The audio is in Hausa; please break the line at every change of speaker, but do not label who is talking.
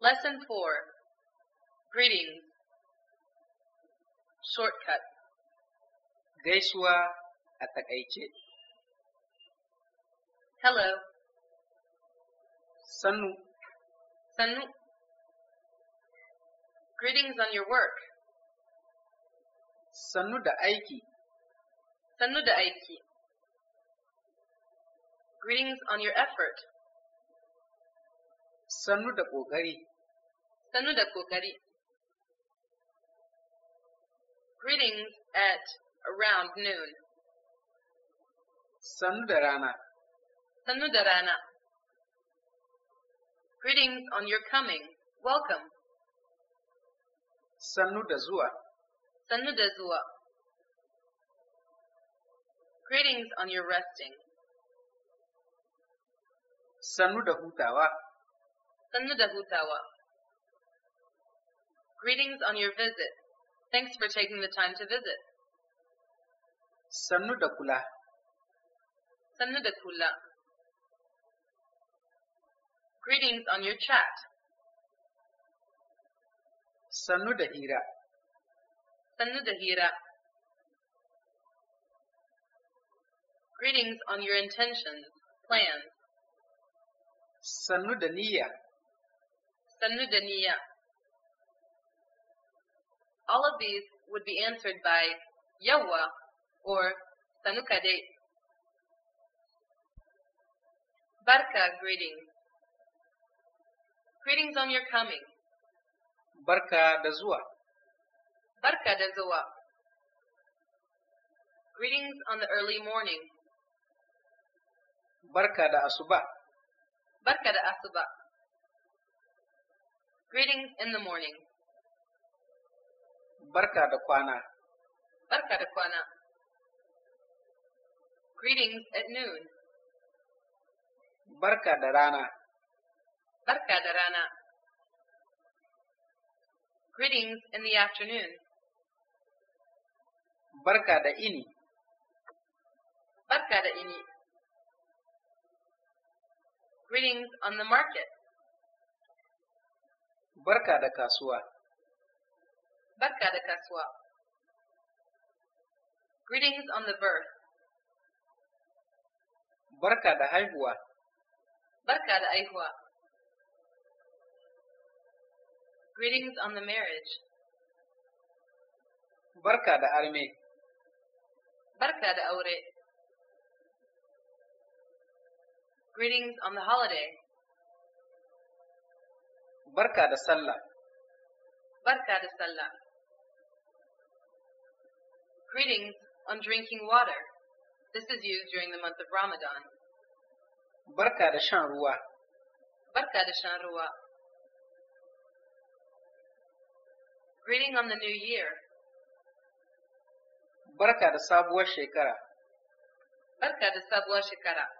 Lesson 4 Greetings Shortcut
Gaisuwa a takaice
Hello Sanu. Sanu. Greetings on your work
Sanu da aiki
Sanu da aiki Greetings on your effort
sannu da kokari
sannu da kokari greetings at around noon
sannu da rana
sannu da rana greetings on your coming welcome
sannu da zuwa
sannu da zuwa greetings on your resting
sannu da hutawa
Sannadahutawa. Greetings on your visit. Thanks for taking the time to visit.
Sannudakula.
Sannudakula. Greetings on your chat.
Sannudahira.
Sannudahira. Greetings on your intentions, plans.
Sannudaniya.
Sanudaniya. All of these would be answered by Yawa or Sanukade. Barka greetings. Greetings on your coming.
Barka da zuwa.
Barka da zuwa. Greetings on the early morning.
Barka da asuba.
Barka da asuba. Greetings in the morning.
Barka da kwana.
Barka da kwana. Greetings at noon.
Barka da rana.
Barka da rana. Greetings in the afternoon.
Barka da ini.
Barka da ini. Greetings on the market.
Barka da kasuwa.
Barka da kasuwa. Greetings on the birth.
Barka da haihuwa.
Barka da haihuwa. Greetings on the marriage. Barka da arme. Barka da aure. Greetings on the holiday
barka da sallah
barka da sallah greetings on drinking water this is used during the month of ramadan
barka da shan ruwa
barka da shan ruwa greeting on the new year
barka da sabuwar shekara
barka da sabuwar shekara